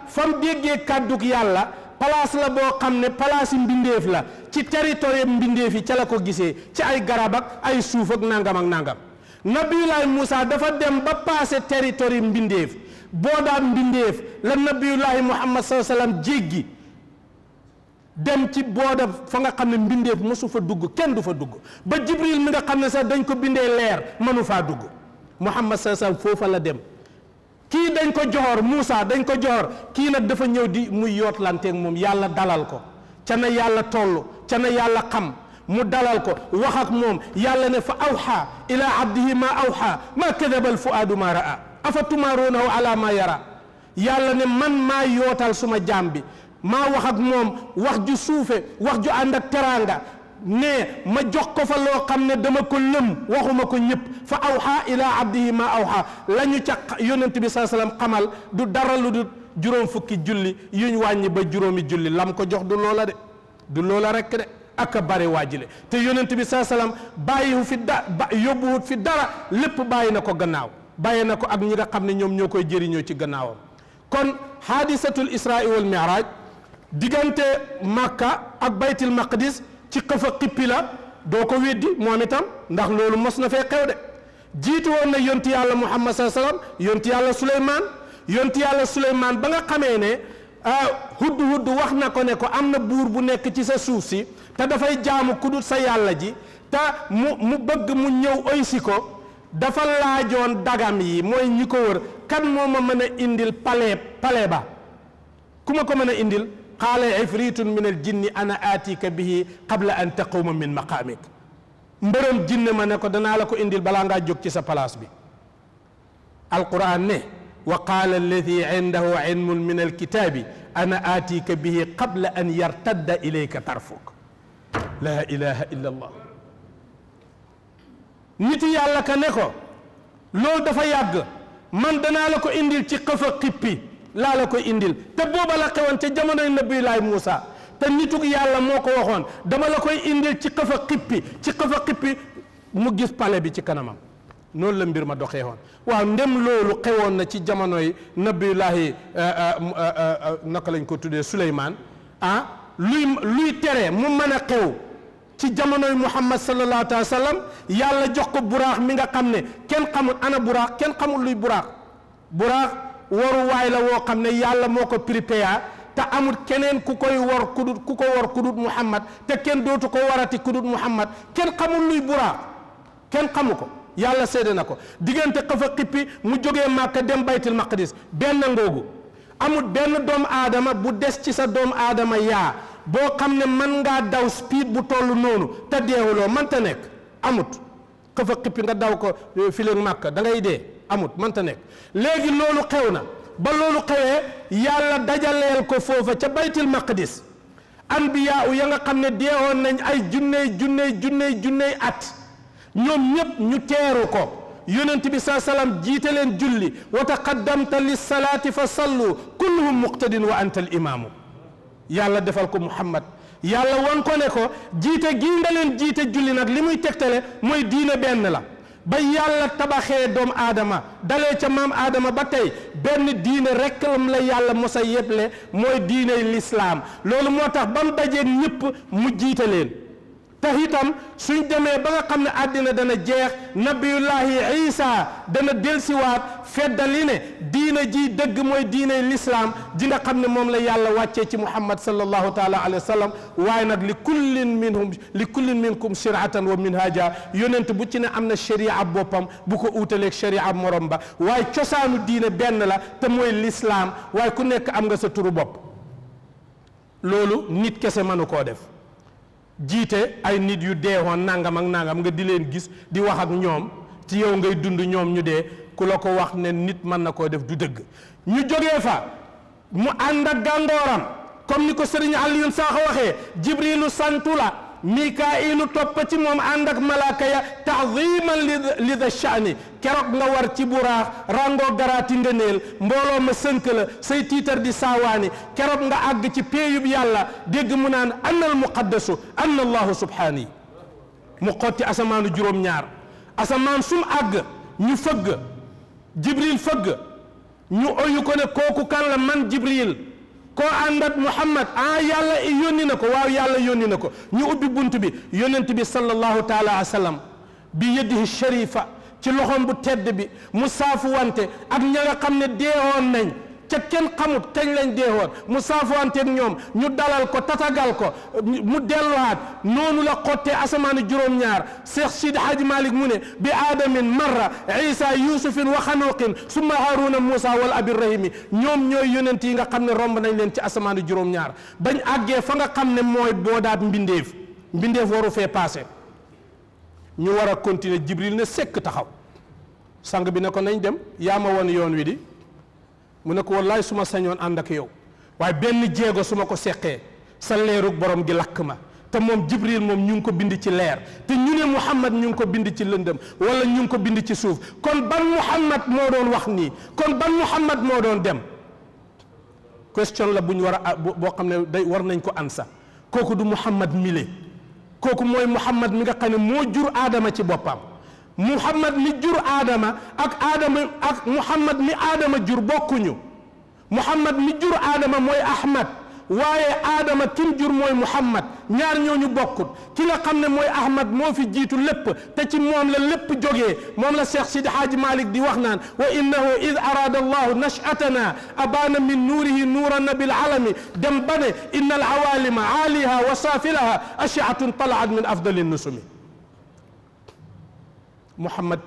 fam déggee kàddu yàlla place la boo xam ne place mbindeef la ci territoire mbindeef yi ca la ko gisee ci ay garab ak ay suuf ak nangam ak nangam nabiyulaay musa dafa dem ba passé territoire mbindeef boo daan mbindeef la nabiyullahi muhammad sallallahu alayhi wasallam jéggi dem ci booda fa nga xam ne mbindeef mosu fa dugg kenn du fa dugg ba jibril mi nga xam ne sax dañ ko bindee leer mënu faa dugg muhammad sallallahu alayhi wasallam foofa la dem kii dañ ko joxoor Moussa dañ ko joxoor kii nag dafa ñëw di muy yootlanteeg moom yàlla dalal ko ca na yàlla toll ca na yàlla xam mu dalal ko wax moom yàlla ne fa awxa ila abdihi ma awxa ma kadaba al fuaadu raa afatumarunahu ala ma yara yàlla ne man ma yotal suma jambi ma wax ak mom wax ju soufey wax ju ànd ak teranga ne ma jox ko fa lo xamne dama ko lëm waxuma ko ñep fa awha ila abdihi ma awha lañu ci yonent bi sallam xamal du daralu du juróom fukki julli yuñ wañi ba juróomi julli lam ko jox du lola de du lola rek de ak bari wajile te yonent bi sallam bayyi fi da yobbu fi dara lépp bayina ko gannaaw bàyyi na ko ak ñi nga xam ne ñoom ñoo koy jëriñoo ci gannaawam kon xaadisatul israa wal miraaj diggante makka ak baytil maqdis ci xëfa xippi la doo ko weddi moom itam ndax loolu mos na fee xew de jiitu woon na yonti yàlla muhammad saa sallam yonti yàlla suleymaan yonti yàlla suleymaan ba nga xamee ne ah, hudd hudd wax na ko ne ko am na buur bu nekk ci sa suuf si te dafay jaamu kudut sa yàlla ji te mu mu bëgg mu ñëw oysi ko dafa laajoon dagam yi moy ñiko wër kan moma mëna indil palais palais ba kuma ko mëna indil qala ifritun min al jinni ana atika bihi qabla an taqum min maqamik mbërëm jinne ma ne ko dana la ko indil bala nga jóg ci sa place bi al qur'an ne wa qala alladhi indahu ilmun min al kitabi ana atika bihi qabla an yartadda ilayka tarfuk la ilaha illa allah nit yàlla ka ne ko loolu dafa yàgg man danaa la ko indil ci xëfa xippi laa la ko indil te booba la xewoon ca jamonoy nabi laay Muusa te nitug yàlla moo ko waxoon dama la koy indil ci xëfa xippi ci xëfa xippi mu gis pale bi ci kanamam noonu la mbir ma doxee woon waaw ndem loolu xewoon na ci jamonoy nabiyullaahi euh, euh, euh, naka lañ ko tuddee Suleymaan ah luy luy tere mu mën a xew ci jamonoy muhammad sallallahu alayhi wa sallam yàlla jox ko buraax mi nga xam ne kenn xamul ana buraax kenn xamul luy buraax buraax waruwaay la woo xam ne yàlla moo ko pripéya te amul keneen ku koy war kudut ku ko war kudut muhammad te kenn dootu ko warati kudut muhammad kenn xamul luy buraax kenn xamu ko yàlla séede na ko diggante xëfa xippi mu jógee màkka dem baytul maqdis benn ngoogu amul benn doomu aadama bu des ci sa doomu aadama yaa bo xamne man nga daw speed bu tollu nonu ta deewulo man ta nek amut fa xippi nga daw ko filen makka da ngay de amut man ta nek legi lolu xewna ba lolu xewé yàlla dajaleel ko fofa ca baytul maqdis anbiyaaw ya nga xamne deewon nañ ay junne junne junne junne at ñom ñep ñu teeru ko yonent bi saa salaam jiite leen julli wa taqaddamta lis salati fa sallu kulluhum muqtadin wa anta al imaamu yàlla defal ko muhammad yàlla won ko ne ko jiite gii nga leen jiite julli nag li muy tegtale mooy diine benn la ba yàlla tabaxee doomu aadama dalee ca maam aadama ba tey benn diine rek lam la yàlla mos a yeble mooy diiney lislaam loolu moo tax ba mu dajee ñëpp mu jiite leen تهيتم سوين دمي بغا قمنا أدنا دانا جيخ نبي الله عيسى دانا ديل سيوات فدلين دين جي دق موي دين الإسلام دينا قمنا موم لا يالا واتشي محمد صلى الله تعالى عليه وسلم وينك لكل منهم لكل منكم شرعة ومنهاجا يونن تبوتينا أمنا شريعة بوبام بوكو أوتلك شريعة مرمبا واي تشوسانو دين بيان لا تموي الإسلام واي كونك أمغا سترو بوب لولو نيت كسي مانو كو ديف jiite ay nit yu deewoon nangam ak nangam nga di leen gis di wax ak ñoom ci yow ngay dund ñoom ñu dee ku la ko wax ne nit mën na koo def du dëgg ñu jógee fa mu ànd ak gàngooram comme ni ko sëriñ Alioune Sakho waxee jibrilu santu la mikaa'ilu topp ci moom ànd ak malaaka ya taxdiman li da sha'ni keroog nga war ci buraax ràngoo garaati ngëneel mbooloo ma sënk say tiitar di saawaani keroog nga àgg ci péeyub yàlla dégg mu naan anna al muqaddasu anna allahu subhaani mu xotti asamaanu juróom-ñaar asamaan sum àgg ñu fëgg jibril fëgg ñu oyu ne kooku kan la man jibril koo ànd ak muhammad ah yàlla yónni na ko waaw yàlla yónni na ko ñu ubbi bunt bi yónnent bi sallallahu taala wa sallam bi yadihi sharifa ci loxoom bu tedd bi mu saafu wante ak ña nga xam ne deewoon nañ تكن قمود كن لن ديهون مصافو أنت نيوم ندلال كو تتغال كو مدلات نون لا قوتي أسمان جروم نيار سيخ سيد حاج مالك موني بآدم مرة عيسى يوسف وخنوق ثم هارون موسى والأب الرحيم نيوم نيو يوننتي نغا قمنا رمنا لن تي أسمان جروم نيار بني أجي فنغا قمنا موي بوداب مبنديف مبنديف ورو في باسي ñu war a continuer jibril ne sekk taxaw sang bi ne ko nañ dem yaa ma woon yoon wi di mu ne ko wallaay su ma sañoon ànd ak yow waaye benn jéego su ma ko seqee sa leerug borom gi lakk ma te moom jibril moom ñu ngi ko bind ci leer te ñu ne muhammad ñu ngi ko bind ci lëndëm wala ñu ngi ko bind ci suuf kon ban muhammad moo doon wax nii kon ban muhammad moo doon dem question la bu ñu war a boo xam ne day war nañ ko ansa kooku du muhammad mile kooku mooy muhammad mi nga xam ne moo jur aadama ci boppam muhammad mi jur aadama ak aadama ak muhammad mi aadama jur bokkuñu muhammad mi jur aadama mooy ahmad waaye aadama kim jur mooy muhammad ñaar ñooñu bokkut ki nga xam ne mooy ahmad moo fi jiitu lépp te ci moom la lépp jógee moom la cheikh sidi haaji malik di wax naan wa innahu id arada allahu nashatana abana min nuurihi nuura nabil alami dem ba ne inna alawalima aaliha wa saafilaha ashaatun talaat min afdali nusumi محمد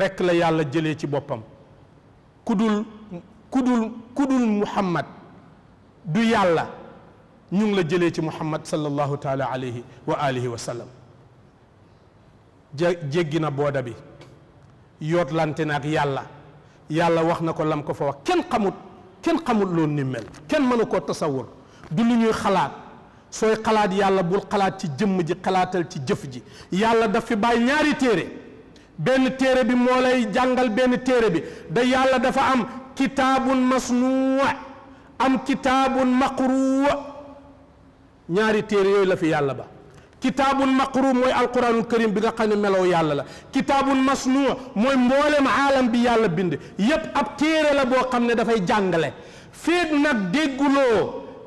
رك لا يالا جيلي سي بوبام كودول كودول كودول محمد دو يالا نيون لا جيلي سي محمد صلى الله تعالى عليه واله وسلم جيغينا بودابي يوت لانتنا اك يالا يالا واخنا كو لام كو فوا كين خاموت كين خاموت لون ني مل كين مانو كو تصور دو ني نيو خلات soy xalaat yàlla bul xalaat ci jëmm ji xalaatal ci jëf ji yàlla daf fi bàyyi ñaari téere benn téere bi moo lay jàngal benn téere bi da yàlla dafa am kitaabun masnuwa am kitaabun maqruwa ñaari téere yooyu la fi yàlla ba kitaabun maqru mooy alquranul karim bi nga xam ne melow yàlla la kitaabun masnuu mooy mboolem aalam bi yàlla bind yépp ab téere la boo xam ne dafay jàngale feeg nag dégguloo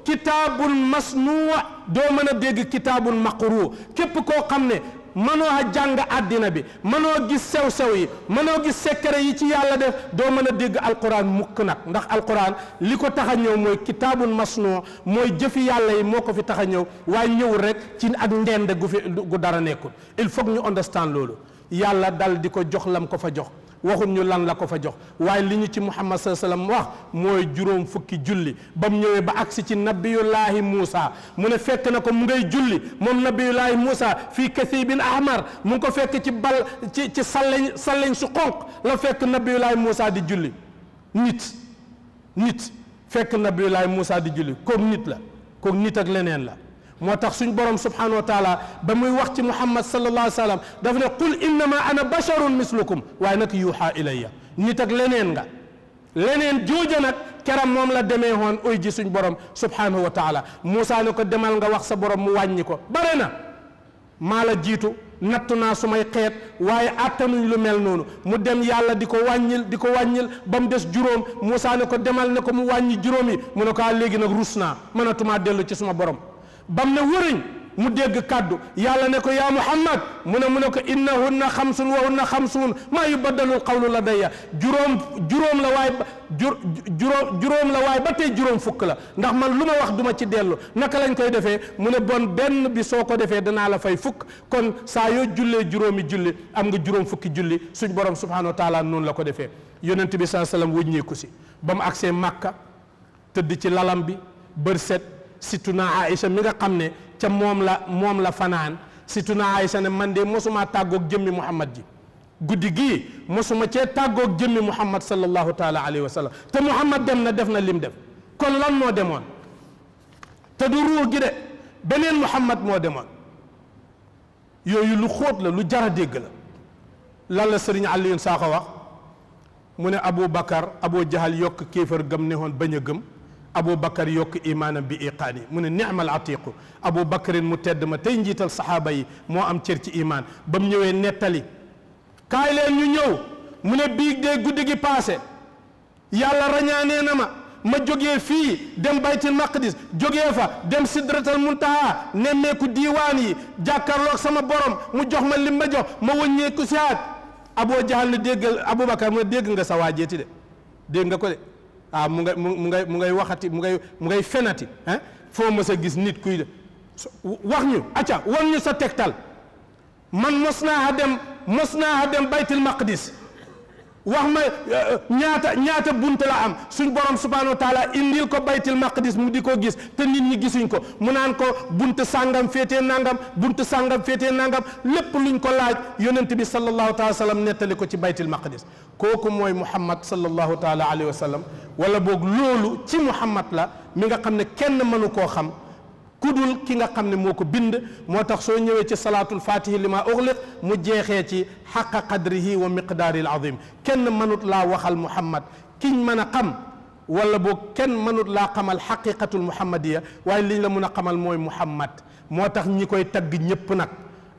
kitaabun masnuu doo mën a dégg kitaabun maqru képp koo xam ne mënoo a jàng àddina bi mënoo gis sew-sew yi mënoo gis secret yi ci yàlla def doo mën a dégg alquran mukk nag ndax alquran li ko tax a ñëw mooy kitaabun masnoo mooy jëfi yàlla yi moo ko fi tax a ñëw waaye ñëwul rek ci ak ndend gu fi gu dara nekkul il faut ñu understand loolu yàlla dal di ko jox lam ko fa jox waxun ñu lan la ko fa jox waaye li ñu ci muhammad saa sallam wax mooy juróom fukki julli ba mu ñëwee ba agsi ci nabiyullaahi Muusa mu ne fekk na ko mu ngay julli moom nabiyullaahi Muusa fii kasibin ahmar mu ngi ko fekk ci bal ci ci salleñ salleñ su xonq la fekk nabiyullaahi Muusa di julli nit nit fekk nabiyullaahi Muusa di julli comme nit la kook nit ak leneen la moo tax suñ borom subhanahu wa taala ba muy wax ci muhammad sallallahu alayhi wa sallam daf ne qul innama ana basharun mislukum waaye nag yuuxaa ilayya nit ak leneen nga leneen jooja nag keram moom la demee woon uy ji suñ borom subhanahu wa taala Moussa ne ko demal nga wax sa borom mu wàññi ko bare na maa la jiitu nattu naa sumay xeet waaye attanuñ lu mel noonu mu dem yàlla di ko wàññil di ko wàññil ba mu des juróom Moussa ne ko demal ne ko mu wàññi juróom yi mu ne ko ah léegi nag rus naa mënatumaa dellu ci suma borom bam ne wëriñ mu dégg kàddu yàlla ne ko yaa muhammad mu ne mu ne ko innahunna xamsun wa hunna xamsuun maa yubaddalul qawlu ladayya juróom juróom la waay juróom juróom la waaye ba tey juróom fukk la ndax man lu ma wax duma ci dellu naka lañ koy defee mu ne bon benn bi soo ko defee danaa la fay fukk kon saa yoo jullee juróomi julli am nga juróom fukki julli suñ borom subhanahu wa noonu la ko defee yonent bi saa sallam wëññeeku si ba mu agsee màkka tëdd ci lalam bi bër set situna Aïcha mi nga xam ne ca moom la moom la fanaan situna Aïcha ne man de mosuma tàggoog jëmmi Muhammad ji guddi gii mosuma cee tàggoog jëmmi Muhammad sallallahu taala alayhi wa sallam te Muhammad dem na def na lim def kon lan moo demoon te du ruux gi de beneen Muhammad moo demoon yooyu lu xóot la lu jar a dégg la lan la sëriñ Alioune Sakho wax mu ne Abou Bakar Abou Jahal yokk kéefar gëm ne woon bañ a gëm abu bakar yokk imaanam bi iqaani mu ne nimal atiqu abu bakarin mu tedd ma tey njiital saxaaba yi moo am cër ci imaan ba mu ñëwee nettali kaay leen ñu ñëw mu ne biig dee guddi gi paase yàlla rañaanee na ma ma jógee fii dem baytil maqdis jógee fa dem sidratal muntaha nemmeeku diwaan yi jàkkarloog sama borom mu jox ma lim ma jox ma wëññeeku saat aboo jahal ne déggal aboubacar mu ne dégg nga sa waajeeti de dégg nga ko de waaw mu ngay mu ngay mu ngay waxati mu ngay mu ngay fenati ah foo mës a gis nit kuy wax ñu acca wan ñu sa tegtal man mos naa dem mos naa dem baytil maqdis wax ma euh, ñaata ñaata bunt la am suñ borom subhanahu wa taala indil ko baytil maqdis mu di ko gis te nit ñi gisuñ ko mu naan ko bunt sàngam féetee nangam bunt sàngam féetee nangam lépp luñ ko laaj yonent bi sallallahu taala sallam nettali ko ci baytil maqdis kooku mooy mu muhammad sallallahu taala alayhi wa sallam wala boog loolu ci mu muhammad la mi nga xam ne kenn mënu koo xam kudul ki nga xamne moko bind motax so ñewé ci salatul fatih lima ma mu jexé ci haqq qadrihi wa miqdaari al azim kenn manut la waxal muhammad kiñ mëna xam wala boog kenn manut la xamal xaqiqatul muhammadiyya way liñ la mëna xamal moy muhammad motax ñikoy ñi koy tagg ñëpp nak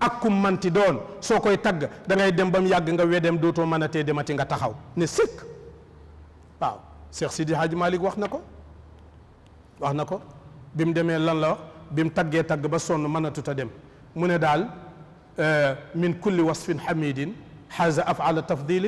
akum kum manti doon soo koy tagg da ngay dem bam yag nga wedem doto mën demati nga taxaw ne sik waaw Cheikh Sidi Hadj malik wax nako wax nako bim deme lan la wax بيم تاغي تاغ با سون مناتو تا ديم مون دال من كل وصف حميد حاز افعل تفضيل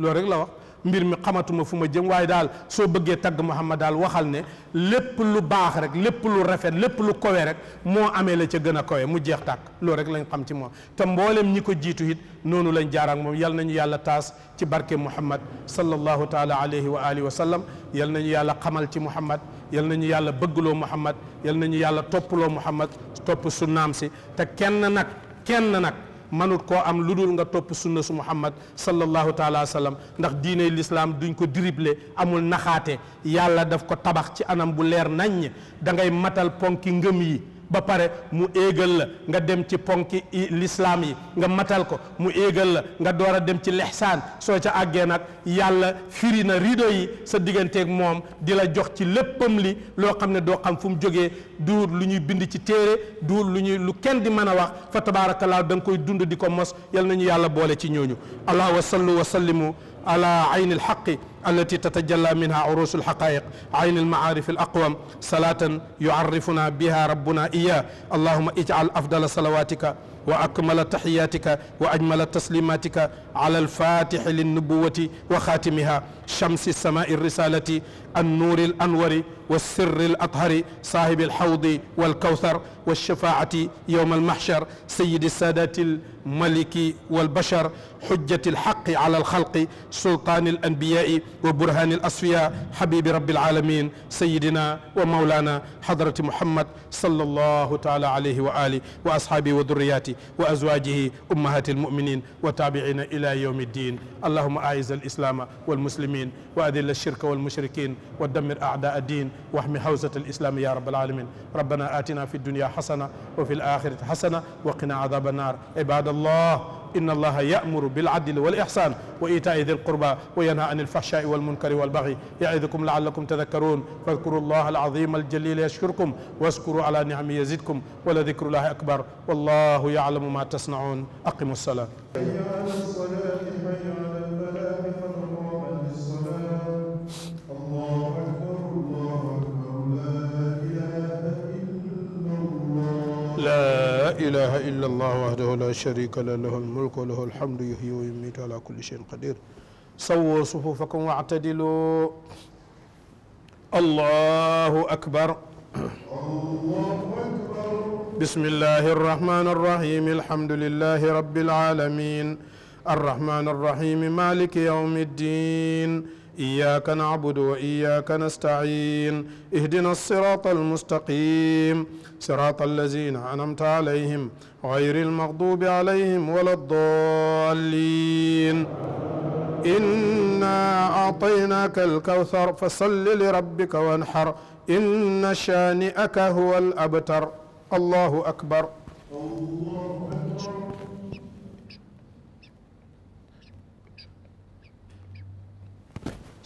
لو ريك لا واخ mbir mi xamatuma fuma jëm waaye dal so bëgge tag Muhammad dal waxal ne lépp lu bax rek lépp lu rafet lépp lu kowe rek mo amé la ci gëna kowe mu jeex tak lo rek lañ xam ci mo te mbolem ñiko jitu hit nonu lañ jaar ak mom yal nañu yàlla taas ci barke Muhammad sallallahu taala alayhi wa alihi wa sallam yal nañu yàlla xamal ci Muhammad yal nañu yàlla bëgg lo Muhammad yal nañu yàlla top lo Muhammad top sunnam ci te kenn nak kenn nak manut koo am lu dul nga topp sunna su muhammad sallallahu taala wa sallam ndax diiney lislaam duñ ko drible amul naxaate yàlla daf ko tabax ci anam bu leer naññ da ngay matal ponki ngëm yi ba pare mu éegal la nga dem ci ponki lislaam yi nga matal ko mu éegal la nga door a dem ci lexsaan soo ca àggee nag yàlla firi na rido yi sa digganteeg moom di la jox ci léppam li loo xam ne doo xam fu mu jógee duur lu ñuy bind ci téere duur lu ñuy lu kenn di mën a wax fa tabaarakallaahu da nga koy dund di ko mos yal nañu yàlla boole ci ñooñu allah wa sallu على عين الحق التي تتجلى منها عروس الحقائق عين المعارف الأقوم صلاة يعرفنا بها ربنا إياه اللهم اجعل أفضل صلواتك وأكمل تحياتك وأجمل تسليماتك على الفاتح للنبوة وخاتمها شمس السماء الرسالة النور الأنور والسر الأطهر صاحب الحوض والكوثر والشفاعة يوم المحشر سيد السادات الملك والبشر حجة الحق على الخلق سلطان الأنبياء وبرهان الأصفياء حبيب رب العالمين سيدنا ومولانا حضرة محمد صلى الله تعالى عليه وآله وأصحابه وذرياته وأزواجه أمهات المؤمنين وتابعين إلى يوم الدين اللهم أعز الإسلام والمسلمين وأذل الشرك والمشركين ودمر أعداء الدين واحم حوزة الإسلام يا رب العالمين ربنا آتنا في الدنيا حسنة وفي الآخرة حسنة وقنا عذاب النار عباد الله إن الله يأمر بالعدل والإحسان وإيتاء ذي القربى وينهى عن الفحشاء والمنكر والبغي يعظكم لعلكم تذكرون فاذكروا الله العظيم الجليل يشكركم واشكروا على نعمه يزدكم ولذكر الله أكبر والله يعلم ما تصنعون أقموا الصلاة لا لا إله إلا الله وحده لا شريك له له الملك وله الحمد يحيي ويميت على كل شيء قدير صووا صفوفكم واعتدلوا الله أكبر بسم الله الرحمن الرحيم الحمد لله رب العالمين الرحمن الرحيم مالك يوم الدين إياك نعبد وإياك نستعين اهدنا الصراط المستقيم صراط الذين أنمت عليهم غير المغضوب عليهم ولا الضالين إنا أعطيناك الكوثر فصل لربك وانحر إن شانئك هو الأبتر الله أكبر الله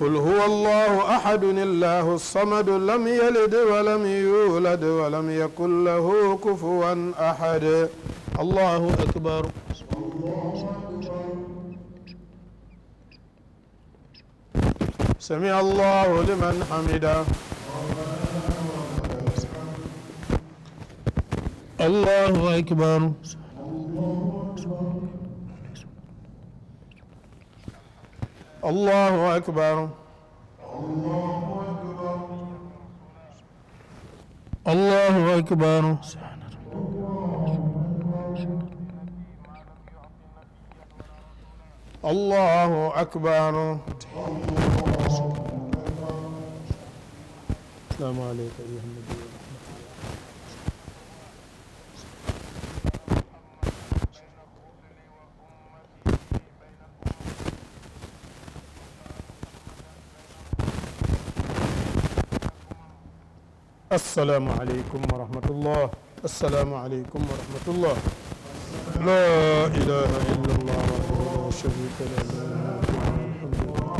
قل هو الله أحد الله الصمد لم يلد ولم يولد ولم يكن له كفوا أحد الله أكبر سمع الله لمن حمده الله أكبر الله أكبر الله أكبر الله أكبر الله أكبر الله أكبر السلام عليكم أيها النبي السلام عليكم ورحمة الله السلام عليكم ورحمة الله لا إله إلا الله وحده لا شريك له الحمد لله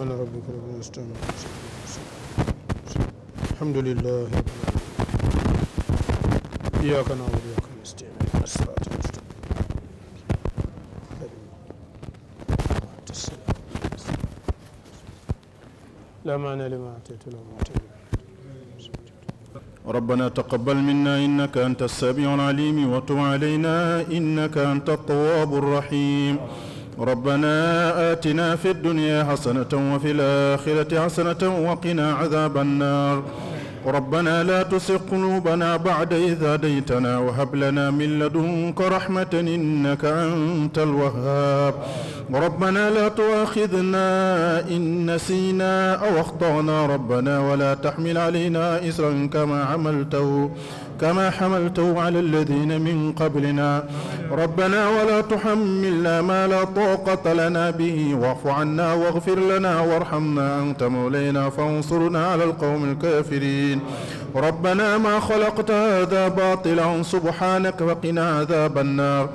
على ربك رب العالمين الحمد لله إياك نعبد وإياك نستعين الصراط لا معنى لما أعطيت لهم أعطيت ربنا تقبل منا إنك أنت السميع العليم وتب علينا إنك أنت التواب الرحيم ربنا آتنا في الدنيا حسنة وفي الآخرة حسنة وقنا عذاب النار ربنا لا تسق قلوبنا بعد إذ هديتنا وهب لنا من لدنك رحمة إنك أنت الوهاب ربنا لا تؤاخذنا إن نسينا أو أخطأنا ربنا ولا تحمل علينا إسرا كما عملته كما حملته على الذين من قبلنا ربنا ولا تحملنا ما لا طاقة لنا به واعف عنا واغفر لنا وارحمنا أنت مولينا فانصرنا على القوم الكافرين ربنا ما خلقت هذا باطلا سبحانك فقنا عذاب النار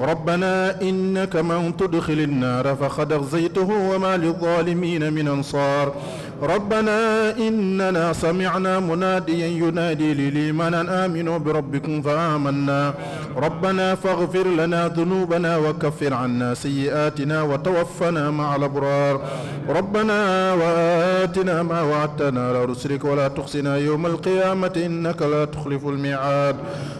ربنا إنك من تدخل النار فقد أخزيته وما للظالمين من أنصار ربنا إننا سمعنا مناديا ينادي للإيمان أن آمنوا بربكم فآمنا ربنا فاغفر لنا ذنوبنا وكفر عنا سيئاتنا وتوفنا مع الأبرار ربنا وآتنا ما وعدتنا لا رسلك ولا تخصنا يوم القيامة إنك لا تخلف الميعاد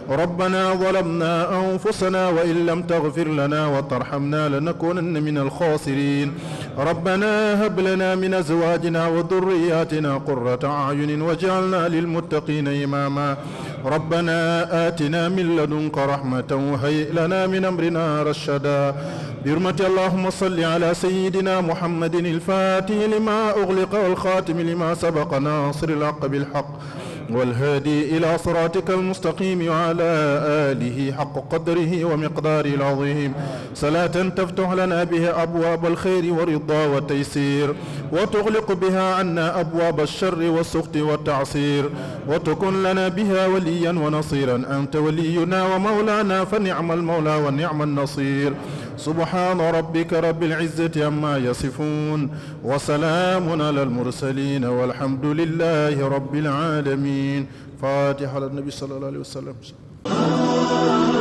ربنا ظلمنا أنفسنا وإن لم تغفر لنا وترحمنا لنكونن من الخاسرين ربنا هب لنا من أزواجنا ذرياتنا قرة أعين وجعلنا للمتقين إماما ربنا آتنا من لدنك رحمة وهيئ لنا من أمرنا رشدا برمة اللهم صل على سيدنا محمد الفاتح لما أغلق والخاتم لما سبق ناصر الحق بالحق والهادي إلى صراطك المستقيم وعلى آله حق قدره ومقداره العظيم صلاة تفتح لنا بها أبواب الخير ورضا وتيسير وتغلق بها عنا أبواب الشر والسخط والتعصير وتكن لنا بها وليا ونصيرا أنت ولينا ومولانا فنعم المولى ونعم النصير سبحان ربك رب العزة عما يصفون وسلام على المرسلين والحمد لله رب العالمين فاتحة للنبي صلى الله عليه وسلم